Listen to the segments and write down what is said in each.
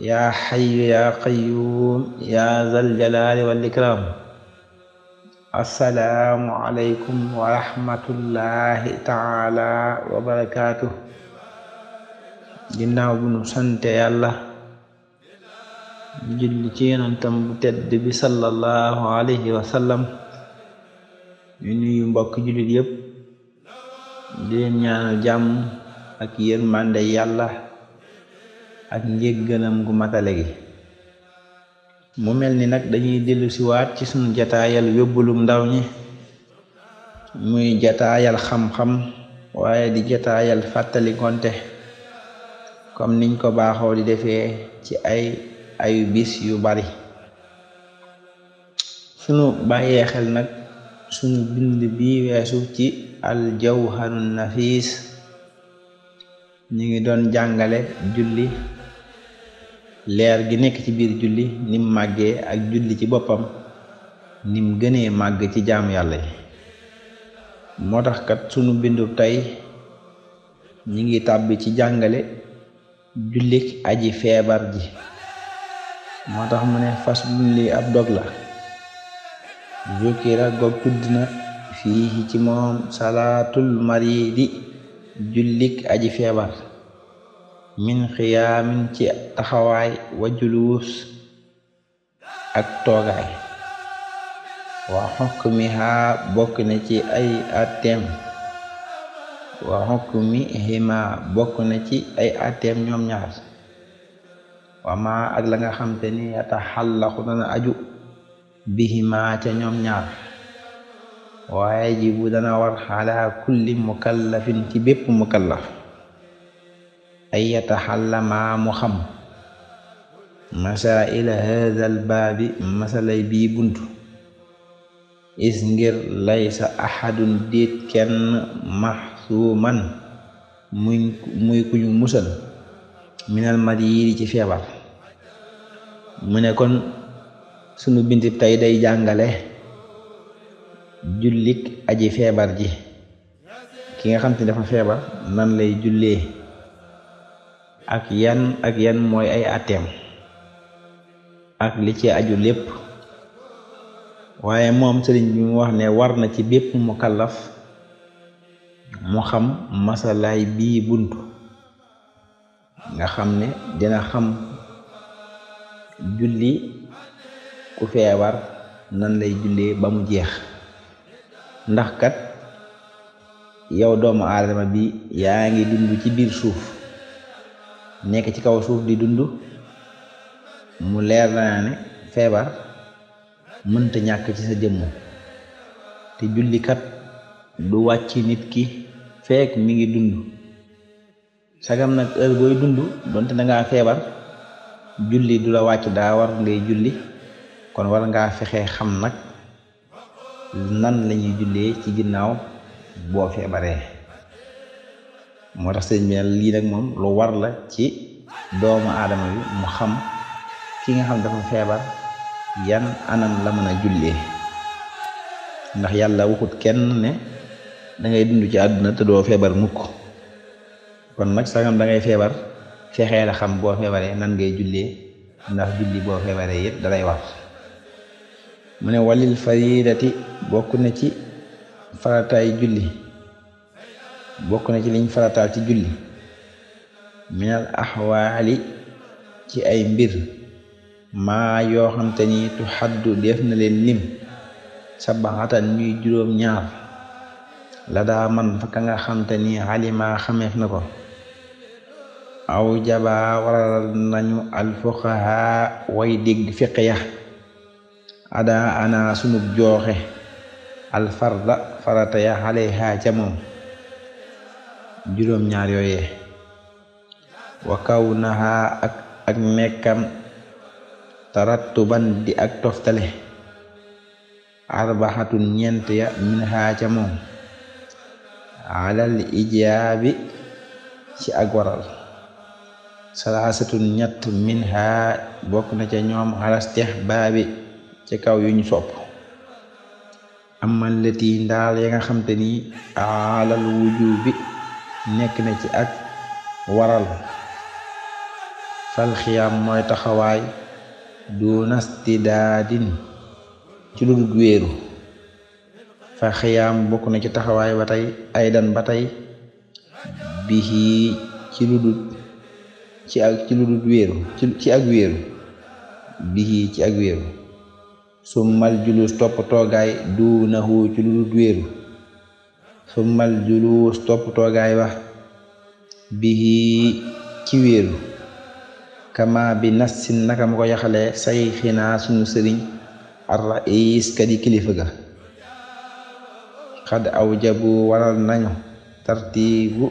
yaa xayu yaa qayuum yaa zal jalaali assalaamu aleykum wa taala wa barakaatu ginnaaw nu sante yàlla julli ci yonantam bu tedd bi sallallahu alayhi wa sallam ñu nuyu mbokk jullit yépp di leen ñaanal jàmm ak yërmande yàlla ak njéggalam gu matale gi mu mel ni nag dañuy dellu siwaat ci sunu jataayal yóbbulum ndaw ñi muy jataayal xam-xam waaye di jataayal fàttali konte comme niñ ko baaxoo di defee ci ay ayu bis yu bari sunu bàyyee xel nag sunu bind bi weesu ci aljawharun nafis ñu ngi doon jàngale julli leer gi nekk ci biir julli nim màggee ak julli ci boppam nim gënee màgg ci jaamu yàlla yi moo tax kat sunu bindu tey ñu ngi tàbbi ci jàngale jullik aji feebar ji moo tax mu ne fas lii ab dog la zukira gog tudd na fii ci moom salaatul maridi jullik aji feebar min xiyaamin ci taxawaay wa juluus ak toogaay wa xukmiha bokk na ci ay atem wa xukmihima bokk na ci ay atem ñoom ñaar wa ma ak la nga xam te ni yataxallaxu dana aju bihima ca ñoom ñaar waaye jibu dana war xala kulli mukallafin ci bépp mukallaf ay yataxallama mu xam masaila haadal baabi masalay bii bunt is ngir laysa axadun déet kenn maxsuuman muy muy kuñu musal minal mariiri ci feebar mu ne kon sunu bintib tey day jàngale jullik aji feebar ji ki nga xam te dafa feebar nan lay jullee ak yan ak yan mooy ay atteem ak li ci aju lépp waaye moom sëriñ bi mu wax ne war na ci bépp mu kallaf mu xam masalaay bii bunt nga xam ne dina xam julli ku feebar nan lay julle ba mu jeex ndax kat yow doomu aadama bi yaa ngi dund ci biir suuf nekk ci kaw suuf di dund mu leer naa ne feebar mënta ñàkk ci sa jëmm te jullikat du wàcc nit ki feek mu ngi dund sagam nag heure booy dund donte da ngaa feebar julli du la wàcc daa war ngay julli kon war ngaa fexe xam nag nan lañuy jullee ci ginnaaw boo feebaree moo tax sëriñ bi lii nag moom lu war la ci doomu aadama bi mu xam ki nga xam dafa feebar yan anam la mën a jullee ndax yàlla waxut kenn ne dangay dund ci àdduna te doo feebar mukk kon nag sa da dangay feebar fexee la xam boo feebaree nan ngay jullee ndax julli boo feebaree yëpp dalay wax mu ne walil faridati bokk na ci farataay julli bokk na ci liñ farataal ci julli minal axwaali ci ay mbir maa yoo xam te ni tu xaddu def na leen lim sabaxatan ñuy juróom ñaar la daa ka nga xam te ni xalimaa xameef na ko aw jabaa waral nañu alfuqaha way dégg fiq ya ada ana sunub jooxe alfarda farata ya xale ha ca juróom ñaar yooyee wa kaw naxaa ak ak nekkam tarattuban di ak toftale arbaxatun ñeent ya min xaa ca moom alal ijaabi ci ak waral salaasatun ñett min xaa bokk na ca ñoom alasteex baabi ca kaw yuñ sopp amal lati ndaal ya nga xamte ni alal wujubi nekk na ci ak waral falxiyaam mooy taxawaay dunastidaadin ci lu dul wéeru fa xiyaam bokk na ci taxawaay ba tey aydan ba tey bihi ci lu dul ci ak ci lu dul wéeru ci ak wéeru bihi ci ak wéeru summal julus topp toogaay duunahu ci lu dul wéeru summal juluus topp toogaay ba bihi ci wéeru kama bi nassin naka ma ko yaxale say xinaa sunu sëriñ ar rais kadi kilifa ga xad aw jabu waral nañu tartibu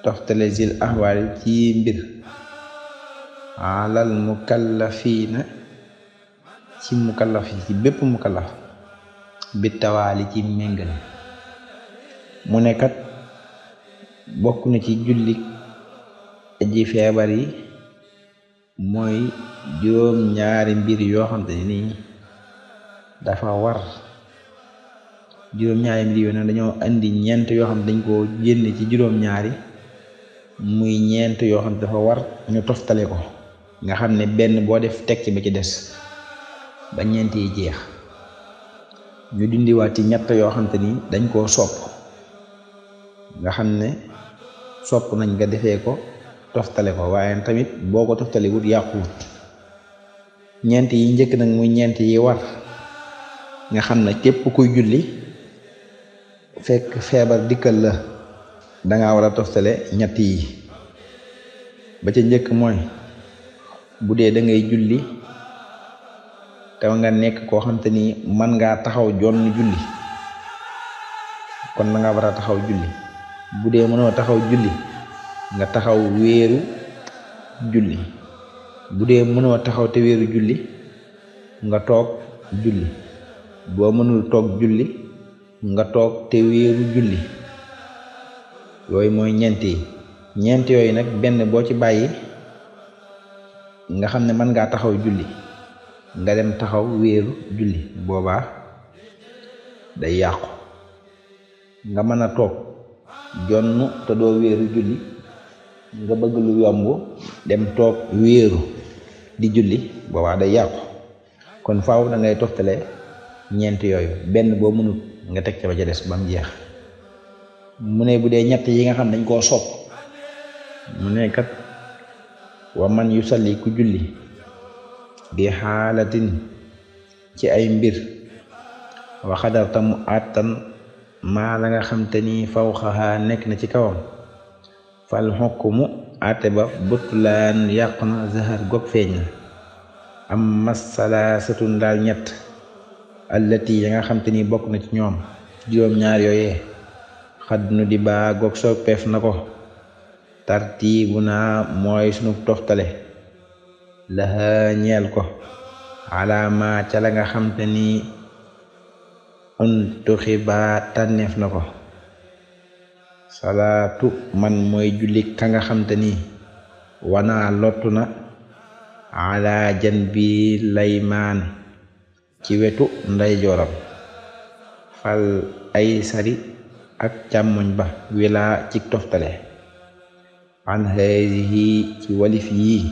toftale zil ahwaal ci mbir alal mukallafiina ci mukallaf yi ci bépp mukallaf bi tawaali ci méngale mu nekkat bokk na ci julli aji feebar yi mooy juróom ñaari mbir yoo xamante nii dafa war juróom ñaari mbir yoo nag dañoo indi ñeent yoo xam ne dañ koo génne ci juróom ñaari muy ñeent yoo xam dafa war ñu toftale ko nga xam ne benn boo def teg ci ba ci des ba ñeent jeex ñu dindiwaat ci ñett yoo xamante ni dañ koo sopp nga xam ne sopp nañ nga defee ko toftale ko waaye tamit boo ko toftale wut yàquwut ñeent yi njëkk nag muy ñeent yi war nga xam ne képp kuy julli fekk feebar dikkal la danga war a toftale ñett yi ba ca njëkk mooy bu dee da ngay julli te nga nekk koo xam te ni mën ngaa taxaw jonn julli kon danga war a taxaw julli bu dee mënoo taxaw julli nga taxaw wéeru julli bu dee mënoo taxaw te wéeru julli nga toog julli boo mënul toog julli nga toog te wéeru julli yooyu mooy ñeent yi yooyu nag benn boo ci bàyyi nga xam ne mën ngaa taxaw julli nga dem taxaw wéeru julli boobaa day yàqu nga mën a toog jonn te doo wéeru julli nga bëgg lu yomb dem toog wéeru di julli boobaa day yàqu kon faw dangay ngay toftale ñeent yooyu benn boo mënut nga teg ca ba ca des ba mu jeex mu ne bu dee ñett yi nga xam dañ koo sopp mu ne wa man yu salli ku julli bi xaalatin ci ay mbir waxadar tamu àttan maa la nga xam te ni fawxaha nekk na ci kawam fal mu ate ba butlaan yàqu na zahar gog feeñ na am masalaasatun daal ñett allati ya nga xam ni bokk na ci ñoom juróom-ñaar yooyee xaddunu di baa gog soppeef na ko tartiibu naa mooy sunu toftale laha ñeel ko alaama ca la nga xam ni untuxi baa tànneef na ko salaatu man mooy julik ka nga xam te ni wana lottu na ala jan bi layman ci wetu nday jooram fal ay sari ak càmmoñ ba wilaa ci toftale an hazihi ci walif yii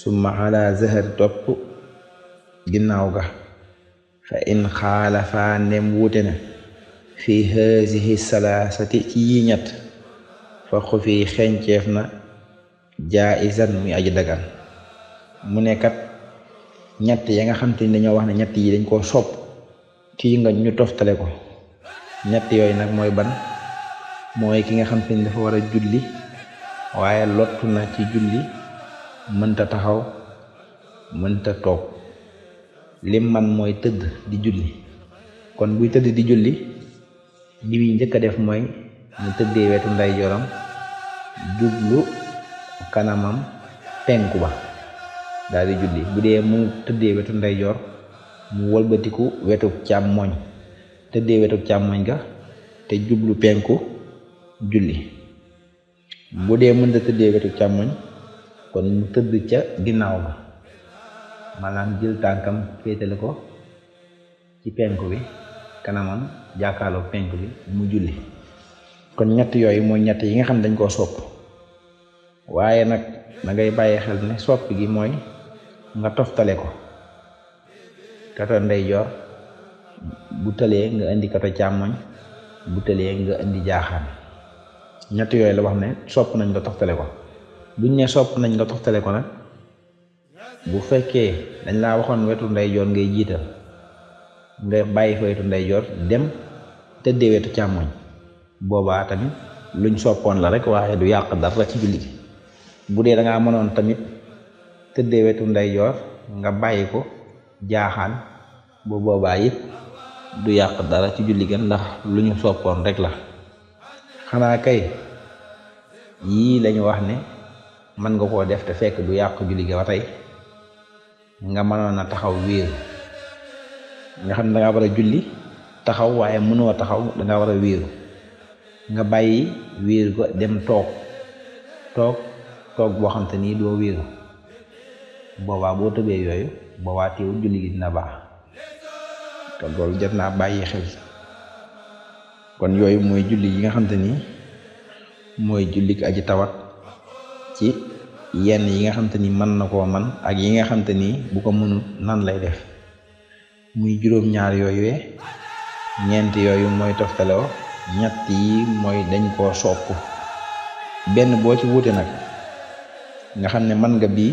summa ala zahari topp ginnaaw ga fa in xaalafa ndem wuute na fi haasihi salaasati ci yi ñett fa xu fii xenceef na jaaisan muy aji dagan mu nekkat kat ñett ya nga xam te ni dañoo wax na ñett yi dañ koo sopp kii nga ñu toftale ko ñett yooyu nag mooy ban mooy ki nga xam te ni dafa war a julli waaye lottu na ci julli mënta taxaw mënta toog lim man mooy tëdd di julli kon buy tëdd di julli li muy njëkk a def mooy mu tëddee wetu ndeyjooram jublu kanamam penku ba daal di bu dee mu tëddee wetu ndeyjoor mu walbatiku wetu càmmoñ tëddee wetu càmmoñ ga te jublu penku julli bu dee mënta tëddee wetu càmmoñ kon mu tëdd ca ginnaaw ba maanaam jël tànkam féetale ko ci penku bi kanamam jàkkaarloo penku bi mu julli kon ñett yooyu mooy ñett yi nga xam dañ koo sopp waaye nag nangay bàyyi xel ne sopp gi mooy nga toxtale ko kato ndeyjoor bu tëlee nga indi kato càmmoñ bu tëlee nga indi jaaxaan ñett yooyu la wax ne sopp nañ nga toxtale ko buñ ne sopp nañ nga toftale ko nag bu fekkee dañ laa waxoon wetu ndeyjoor ngay jiital nga bàyyi fa wetu ndeyjoor dem tëddee wetu càmmoñ boobaa tamit luñ soppoon la rekk waaye du yàq dara ci julli gi bu dee da mënoon tamit tëddee wetu ndeyjoor nga bàyyi ko jaaxaan bu boobaa du yàq dara ci julli gi ndax lu ñu soppoon rek la xanaa kay yii lañu wax ne mën nga koo def te fekk du yàq julli gi ba tey nga mënoon a taxaw wéeru nga xam ne dangaa war a julli taxaw waaye mënoo taxaw dangaa war a wéeru nga bàyyi wéeru ko dem toog toog toog boo xam te nii doo wéeru boobaa boo tëbee yooyu boobaa teewul julli gi dina baax te loolu jot naa bàyyi xel kon yooyu mooy julli yi nga xam te nii mooy jullik aji tawat ci yenn yi nga xamante ni mën na koo man ak yi nga xamante ni bu ko mënut nan lay def muy juróom-ñaar yooyu ñeent yooyu mooy toftaloo ñett yi mooy dañ koo sopp benn boo ci wuute nag nga xam ne mën nga bii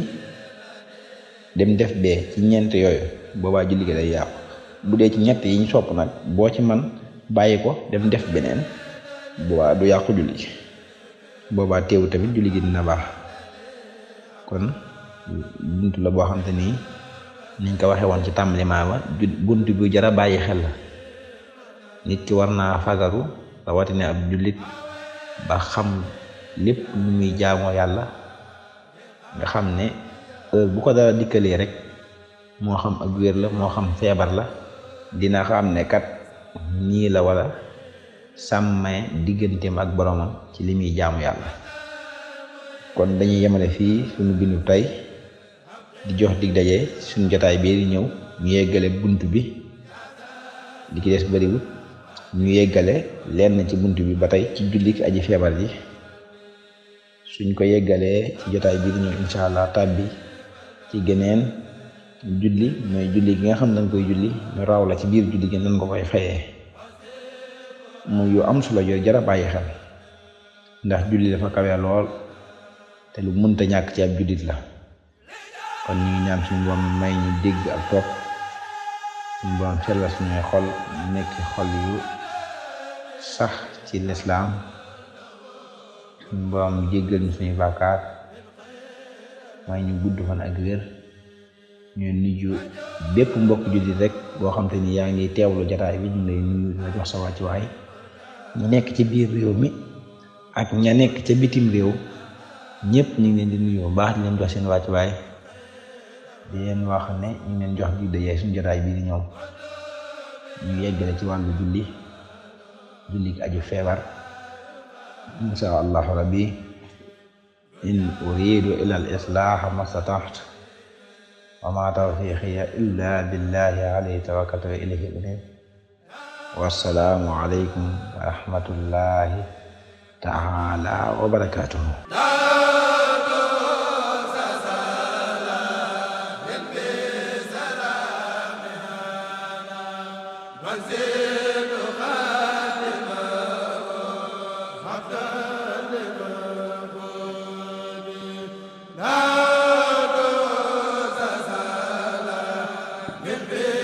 dem def bee ci ñeent yooyu boobaa julli gi day yàqu bu dee ci ñett yi ñu sopp nag boo ci man bàyyi ko dem def beneen boobaa du yàqu julli gi boobaa teewu tamit julli gi dina baax kon bunt la boo xam te nii niñ ko waxee woon ci tàmbalimaa ba bunt bu jara bàyyi xel la nit ki war naa fagaru rawatina ab jullit ba xam lépp lu muy jaamoo yàlla nga xam ne bu ko dara dikkalee rek moo xam ak wér la moo xam feebar la dina xam ne kat nii la wala sàmmee digganteem ak boromam ci li muy jaamu yàlla kon dañuy yemale fii suñu bindu tey di jox dig daje suñu jotaay bii di ñëw ñu yeggale bunt bi li ci bariwut ñu yeggale lenn ci bunt bi ba tey ci jullik aji feebar ji suñ ko yeggalee ci jotaay bii di ñëw incha allah tàbbi ci geneen julli mooy julli gi nga xam ne dañ koy julli ñu raaw la ci biir julli gi nan ko koy fayee mu yu am solo yooyu jar a xel ndax julli dafa kawe lool te lu mënta ñàkk ci ab juddit la kon ñu ngi ñaan suñu boom may ñu dégg ak topp suñu boom sellal suñuy xol nekk xol yu sax ci lislaam suñu boom jéggal ñu suñuy bàkkaar may ñu gudd fan ak wér ñu nuyu bépp mbokk juddit rek boo xam te ni yaa ngi teewlu jataay bi ñu lay nuyu la jox sa wàccuwaay ñu nekk ci biir réew mi ak ña nekk ca bitim réew ñëpp ñu ngi leen di nuyu bu baax di leen jox seen wàccuwaay di leen wax ne ñu ngi leen jox di dajee suñu jotaay bi di ñëw ñu yeggale ci wàllu julli julli aju feebar insha allahu rabbi in uridu ila al islaaha mastataxt wa ma tawfiqiya illa billahi alayhi tawakkaltu wa ilayhi unib wassalaamu aleykum wa rahmatullahi taala wa barakatuhu be